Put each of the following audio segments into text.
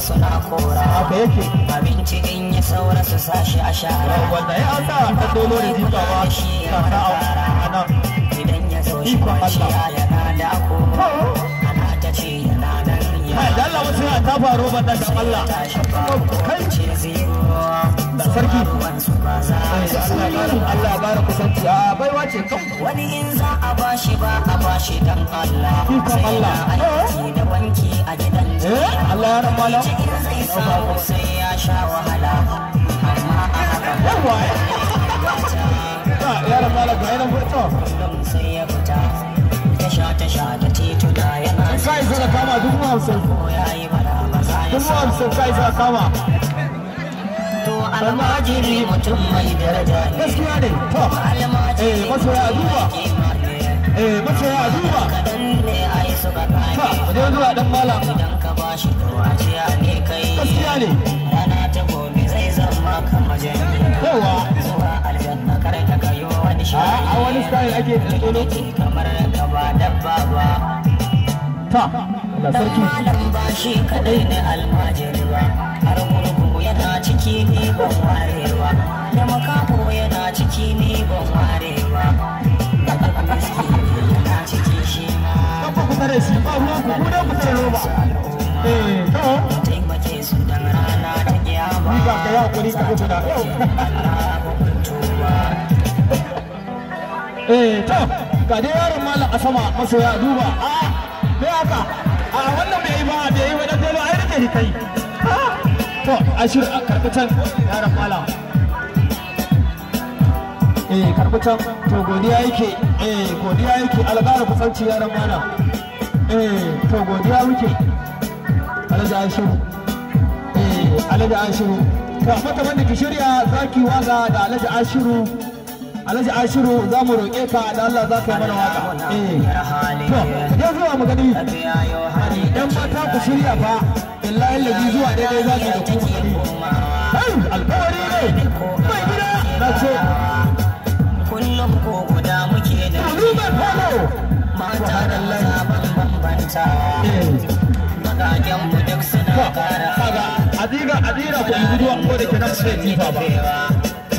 su suna kora haka yake abinci in ya saura su sashi a shara wanda ya asa ta dolo da jikawa ta a nan idan ya zo shi kwanciya yana da kora ana ta ce yana nan ya dalla wasu ya ta faru ba da Allah kai zai sarki Allah ya bara kusanci a baiwa ce kan wani in za a bashi ba a bashi dan Allah sai Allah aiki da banki a gidan eh, Allah ya rabu Allah sai ya sha wahala amma a haka ah, ya rabu Allah ga yana fito sai ya fita tasha tasha da tituna yana sai zara kama duk ma hamsin duk ma hamsin sai zara kama almajiri mutum mai daraja ne gaskiya ne to eh masoya duba eh masoya duba ne ai suka kai ne zuwa dan malam idan ka bashi to a ce ne kai gaskiya ne rana ta gobe zai zama kamar jini yawa zuwa aljanna kar ta kayo wani shi a wani style ake tsolo kamar gaba dabba ba ta Allah sarki malam ba kadai ne almajiri ba ciki ni ban warewa da makafo yana ciki ni ban warewa yana ciki shi ma ba ku tare shi ba ruwan ku ku dan ku tare roba eh to taimake su dan rana ta kiyama ni ba ka ya kuri ka ku da yau eh to ga dai yaron malam a sama masoya duba a ah, me haka a ah, wannan bai yi ba bai yi ba dan dole ai rike ni kai to ashir karbi can yaran malam eh to godiya yake eh godiya yake kusanci yaran malam eh to godiya muke alhaji ashiru eh alhaji ashiru to mata wanda ki shirya zaki waga da alhaji ashiru alhaji ashiru za mu roƙe ka da Allah za ka yi mana waka eh. to ya zuwa mu gani dan ta ku shirya fa billahi laji zuwa daidai za mu da ku gani ai alfawari ne mai gida na ce kullum ko guda muke da mata da sabon bambanta bakaken eh. mu duk suna kara adiga adiga ko yi zuwa ko da ke nan sai jifa ba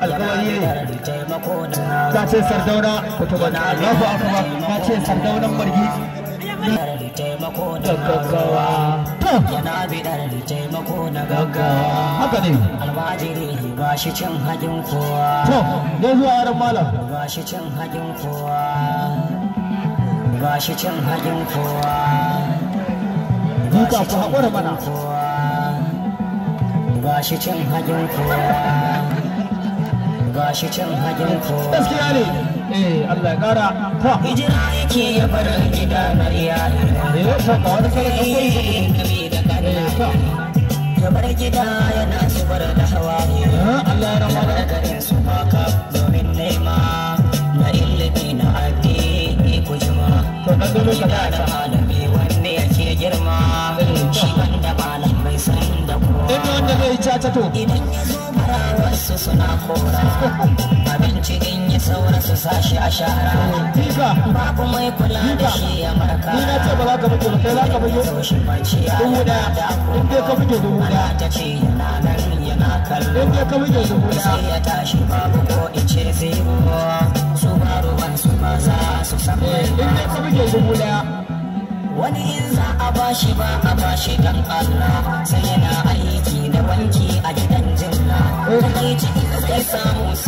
alkawari ne ta ce sardauna kutuba na allahu akbar ta ce sardaunan margi da gaggawa yana bidar taimako na gaggawa haka ne almajiri ba shi cin hajin kowa to dai zuwa yaran malam ba shi cin hajin kowa ba shi cin hajin kowa duka ku haƙura mana ba shi cin hajin kowa ba shi cin hagin kowa gaskiya ne eh Allah ya kara ta hijira yake ya bar gida mariya iyali eh ta ba wani sarki ko da kanna ya bar gida yana zubar da hawaye eh, Allah ya rama da garin su maka domin nema na illati na addini ko jima to dan dole ka da malami wanne yake girma eh, shi banda malamai mai san da kowa idan wanda zai caca idan ya zo su suna kora abinci in yi saura su sashi a shara babu mai kula da shi ya marka ni na ce ba za ka fito ba kai za ka fito yaushe baciya dubu da in dai ka fito dubu da ta ce yana nan yana kallo in dai ka fito dubu da sai ya tashi babu ko in ce zai su ba ruwan su ba za su samu eh, in dai ka fito dubu da wani in za a bashi ba a bashi dan Allah sai yana aiki da wanki a Onde te inscrição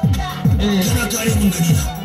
嗯。